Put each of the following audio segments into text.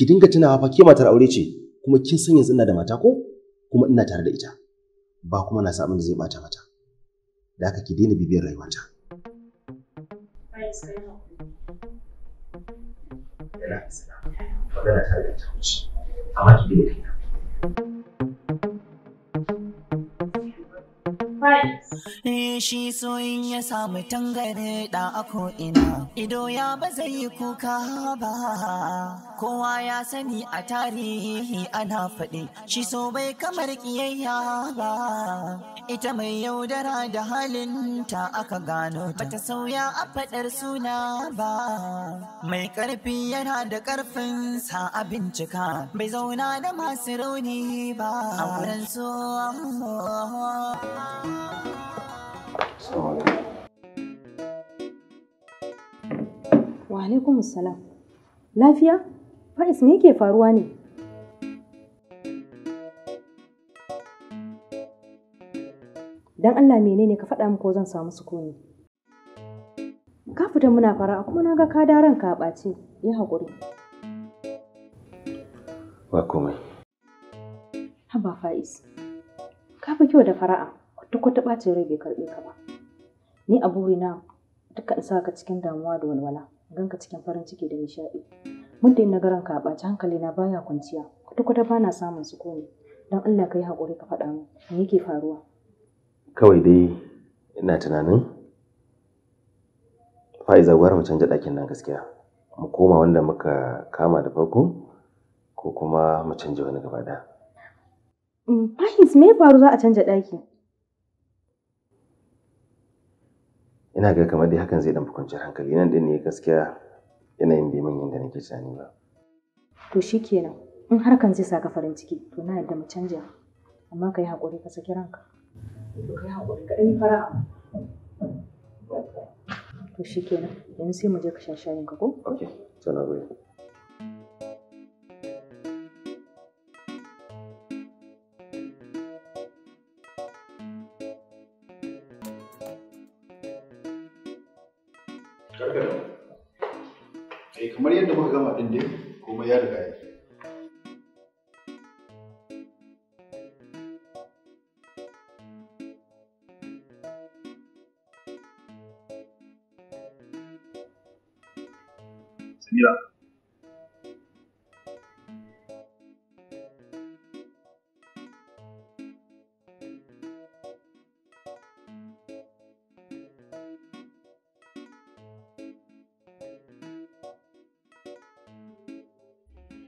ki dinga tunawa fa ke matar aure ce kuma kin san yanzu ina da mata ko kuma ina tare da ita ba kuma na samun da zai bata mata da haka ki daina bibiyar rayuwata amma you. Eh, Shi soyin ya samu tangare da ako ina, ido ya ba zai yi kuka ba. Kowa ya sani a tarihi ana faɗi, shi so bai kamar ƙiyayya ba. Ita mai yaudara da halin ta aka gano ta bata sauya a faɗar suna ba. Mai ƙarfi yana da ƙarfin sa a bincika, bai zauna da masu rauni ba. A wurin so. Wa alaikum salam. Lafiya? Faiz me yake faruwa ne? Dan Allah menene ka faɗa ko zan samu sukuni? Ka fita muna fara kuma na ga ka daren ka ɓace, yi haƙuri. Ba komai. Haba Faiz, ka fi kyau da fara'a. duk wata bacin rai bai karbe ka ba ni a burina duka in saka cikin damuwa da walwala gan ka cikin farin ciki da nishaɗi muddin na garan ka ba hankali na baya kwanciya kwata kwata bana samun sukuni don Allah ka yi haƙuri ka faɗa min me yake faruwa kawai dai ina tunanin fa'iza gwara mu canja ɗakin nan gaskiya mu koma wanda muka kama da farko ko kuma mu canja wani gaba ɗaya. Mm, Fahims me faru za a canja ɗaki? ina ga kamar dai hakan zai dan fi kwanciyar hankali nan din ne gaskiya yanayin bai man yadda nake tunani ba to shikenan in harkan zai saka farin ciki to na yadda mu canja amma ka yi haƙuri ka saki ranka to ka yi haƙuri ka ɗan fara'a to shikenan yanzu sai mu je ka sha shayin ka ko okay sana gobe Barka Eh kamar yadda muka gama din dai komai ya riga ya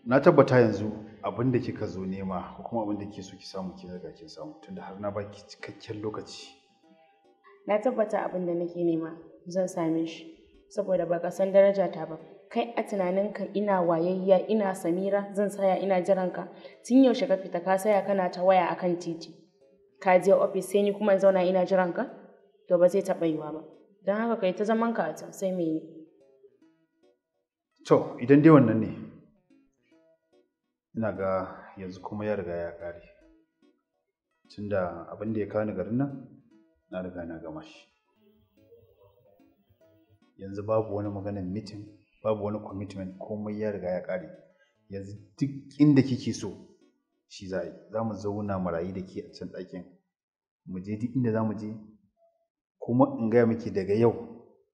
na tabbata yanzu abin da kika zo nema ko kuma abin da ke so ki samu ki riga kin samu tunda har na baki cikakken lokaci na tabbata abin da nake nema zan same shi saboda ba san daraja ta ba kai a tunanin ka ina wayayya ina samira zan saya ina jiran ka tun yaushe ka fita ka saya kana ta waya akan titi ka je ofis sai ni kuma zauna ina jiran ka to ba zai taɓa yiwa ba don haka kai ta zaman ka a can sai me yi to idan dai wannan ne ina ga yanzu kuma ya riga ya kare, tunda abin da ya kawo ni garin nan na riga na gama shi yanzu babu wani maganin mitin babu wani commitment komai ya riga ya kare. yanzu duk inda kike so shi za yi za mu zauna mu da ke a can ɗakin mu je duk inda za mu je kuma in gaya miki daga yau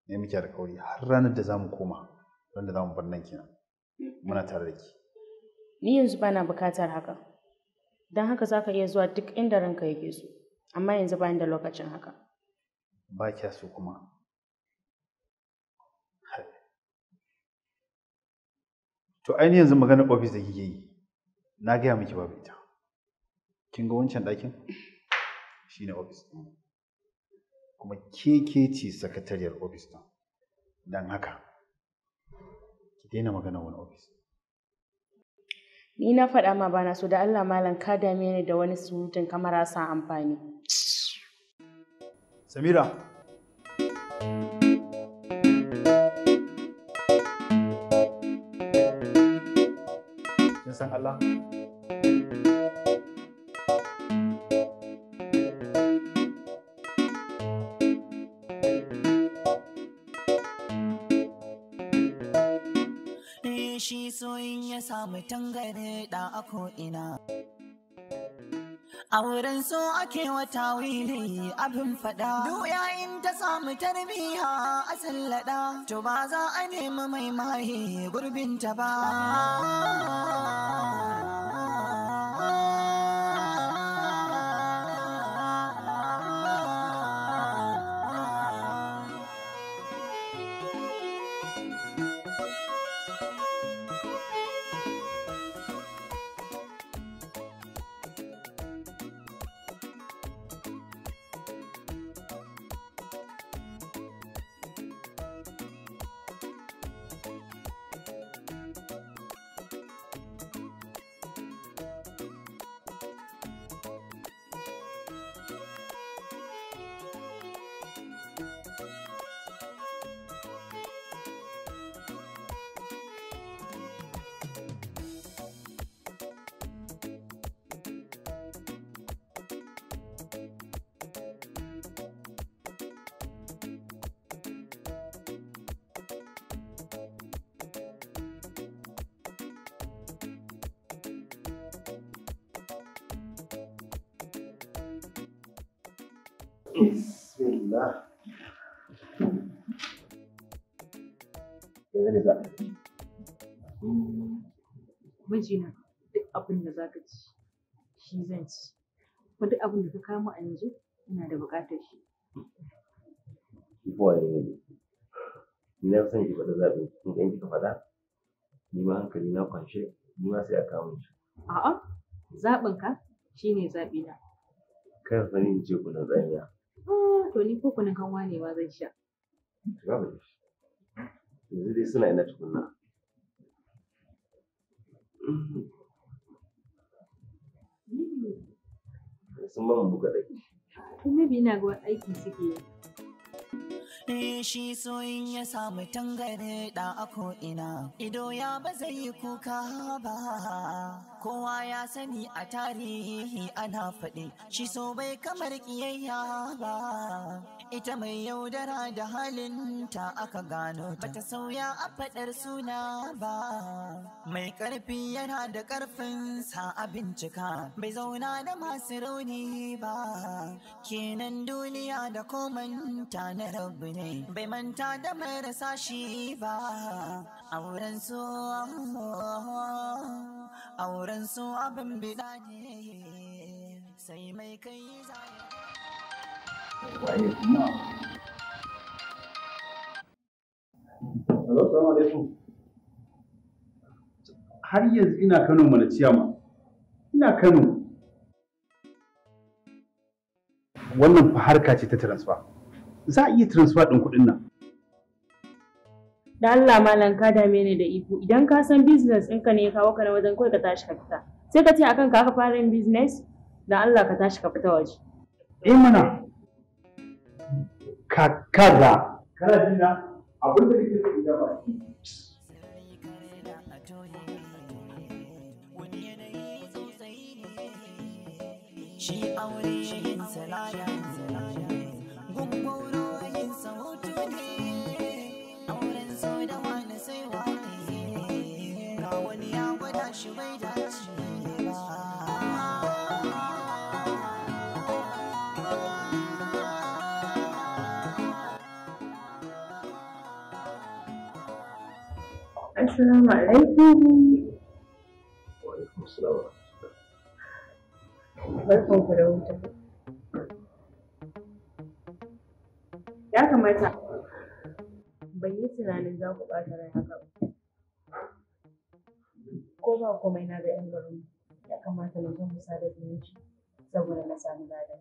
ne muke alkawari har ranar da za mu koma ranar da za mu bar nan kenan muna tare da ke. ni yanzu ba na bukatar haka don haka za ka iya zuwa duk inda ranka yake so amma yanzu bayan da lokacin haka ba kya so kuma to ainihin yanzu maganar ofis da kike yi na gaya miki babu ita kin ga wancan ɗakin shi ne ofis kuma keke ce sakatariyar ofis ɗin don haka ki daina maganar wani ofis Ni na faɗa ma bana so da Allah malam ka dame ni da wani surutun kamar sa amfani. Samira. Kin san Allah? mutum gare da ako ina. A wurin so ake wata wili abin faɗa. Duk yayin ta samu tarbiya a sallada, to ba za a nemi mai mahi gurbinta ba. Bismillah. Yanzu Mijina duk abin da za ka ci shi zan ci. Kuma duk abin da ka kama a yanzu ina da buƙatar shi. Boy, ni na san ki faɗa zaɓin kun ɗan kika faɗa. Ni ma hankali na kwance ni ma sai a kawo shi. A'a, zaɓinka ne zaɓina. Kar fa ni in ce tsamiya. Ah, to ni ko kunin kanwa ne ma zan sha. Yanzu dai suna ina tukunna. Sun ba mu buga ɗaki. Tun ina ga aiki suke yi. shi soyin ya samu tangare da ako ina ido ya ba zai yi kuka ba kowa ya sani a tarihi ana faɗi shi so bai kamar kiyayya ba ita mai yaudara da halin ta aka gano ta. bata sauya a faɗar suna ba mai ƙarfi yana da ƙarfin sa a bincika bai zauna da masu rauni ba kenan duniya da komanta na rabu ne ne bai manta da marasa shi ba auren su auren su abin bida ne sai mai kai Har yanzu ina Kano mana ciyama, ina Kano. Wannan fa harka ce ta transfer. za a iya transfer ɗin kuɗin nan. Da Allah malam ka dame ni da iko idan ka san business ɗinka ne ya kawo ka na wajen kawai ka tashi ka fita sai ka ce akan ka aka fara yin business da Allah ka tashi ka fita waje. Eh mana kakada kana jina abin da kake so ka ba shi aure yin salaya gungun I hutu ne auren so da wani sai wani ga wani ya gwada mata. Ban yi tunanin za ku ɓata rai haka ba. Ko ba komai na ga 'yan garin ya kamata na zo sa da zumunci saboda na sami lada.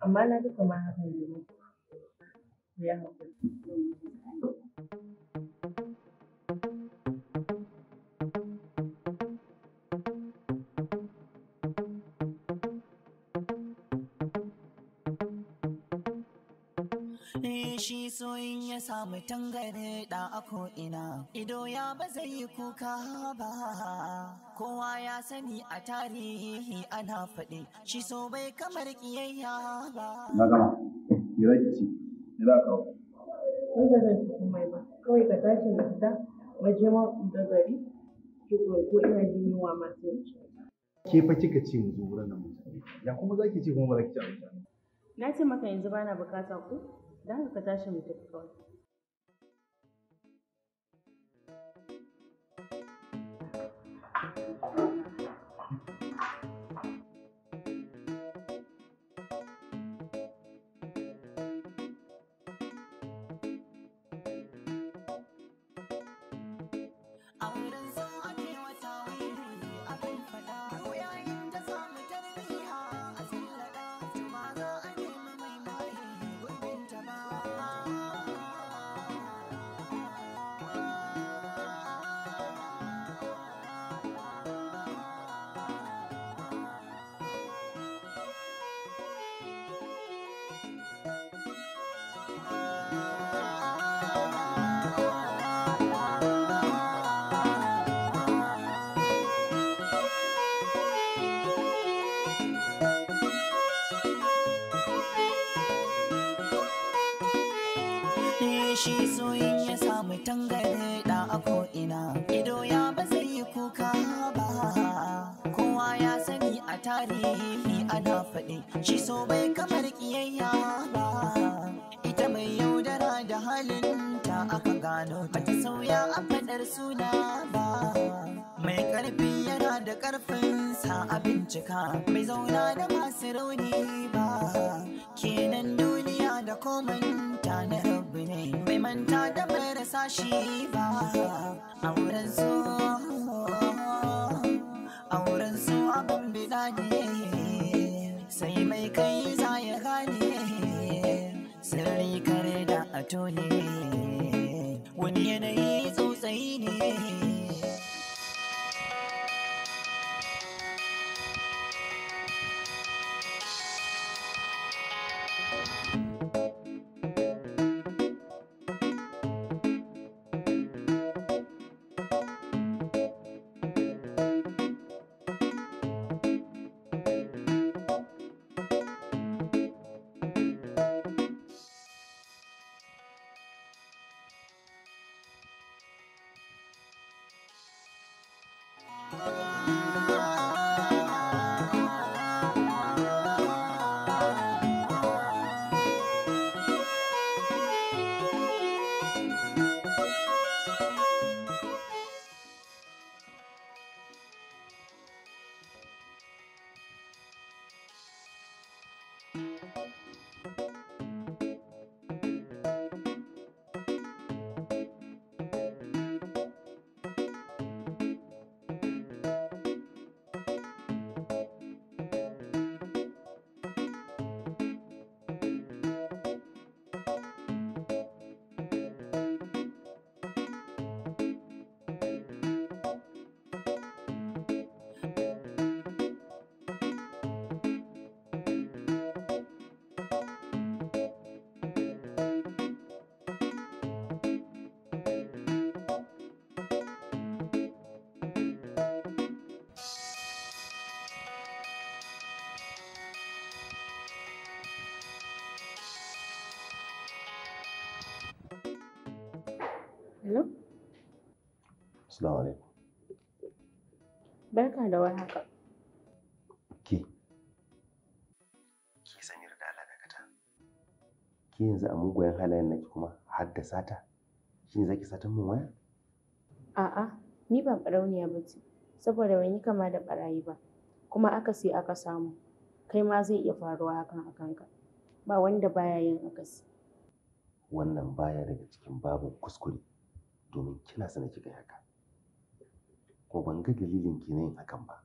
Amma na ga kamar hakan ne. Ya haƙuri. shi soyin ya samu tangare da ako ina. ido ya ba zai yi kuka ba kowa ya sani a tarihi ana faɗi shi so bai kamar kiyayya ba na gama ya zaki ci ya kawo. ka kai ba zan ci komai ba kawai ka tashi na fita waje ma da gari ko ina jin yunwa ma sai ke fa kika ce mu zo wurin nan ya kuma za ki ce kuma ba za ki ci abinci na ce maka yanzu bana bukata ku Da haka ka tashi mu tafi kawai. Thank you. shi soyin ya samu tangare da a ko'ina ido ya ba zai yi kuka ba kowa ya sani a tarihi ana faɗi shi so bai kamar kiyayya ba ita mai yaudara da halin ta aka gano ba ta sauya a faɗar suna ba mai karfi yana da karfin sa a bincika Mai zauna da masu rauni ba kenan duniya da ta na rabu ne Mai manta da marasa shi ba A wurin su wurin su abin bida ne sai mai kai za ya gane sirri kare da ato ne wani yanayi tsautsayi ne Hello? Assalamu alaikum. Barka da warhaka. Ki. Ki sani da alaƙa Ki yanzu a mugayen halayen naki kuma har da sata. Shin zaki satan min waya? A'a, ni ba ɓarauniya ba ce, saboda ban yi kama da ɓarayi ba. Kuma aka akasi aka samu. Kai ma zai iya faruwa hakan a kanka. Ba wanda baya yin akasi. Wannan baya daga cikin babin kuskure. domin kina na kika haka ko ban ga dalilin ki yin hakan ba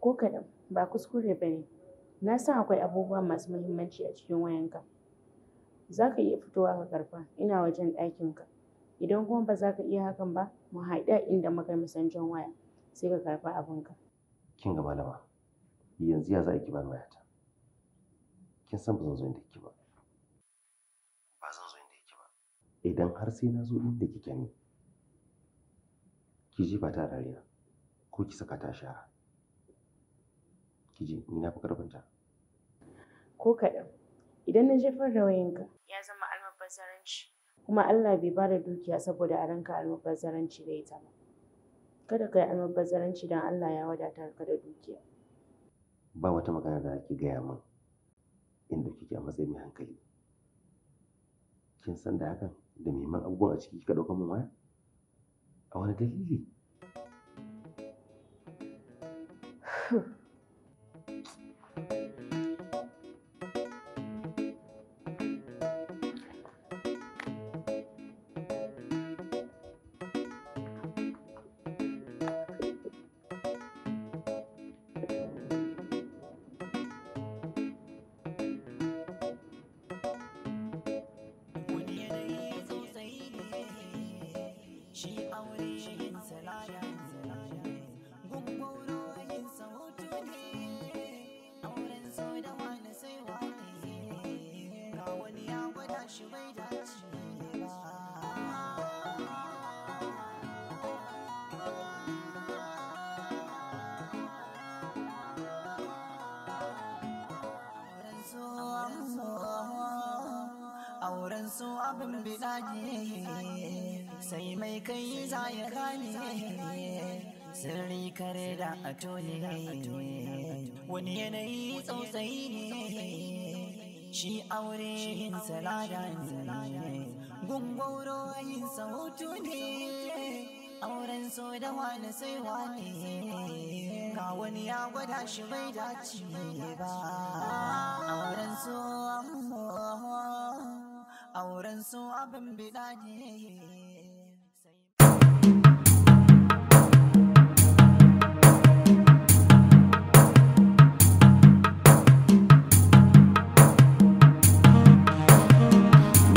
ko kaɗan ba kuskure ba ne na san akwai abubuwa masu muhimmanci a cikin wayanka za ka iya fitowa ka karfa ina wajen ɗakinka idan kuma ba za ka iya hakan ba mu haɗa inda muka misanjan waya sai ka karfa abinka kin ga malama yanzu ya za ki bani wayata kin san ba zan zo inda kike ba idan har sai na zo inda kike ne ki ba ta rariya ko ki saka ta shara ki ji ni na fi ta ko kaɗan idan na jefar da wayanka ya zama almubazzaranci kuma Allah bai ba da dukiya saboda a ranka almubazzaranci da ita ba kada ka yi almubazzaranci don Allah ya wadata ka da dukiya ba wata magana da ake gaya min inda kike a matsayin hankali kin san da hakan da neman abubuwa a ciki kika ɗauka min waya a wani dalili shi bai Auren su abin bida ne sai mai kai za ya gane sirri kare da ato ne wani yanayi tsautsayi ne shi aure yin salada ne gungauro yin sautu ne auren so da wani sai wani ga wani ya gwada shi bai dace ba auren so auren so abin bida ne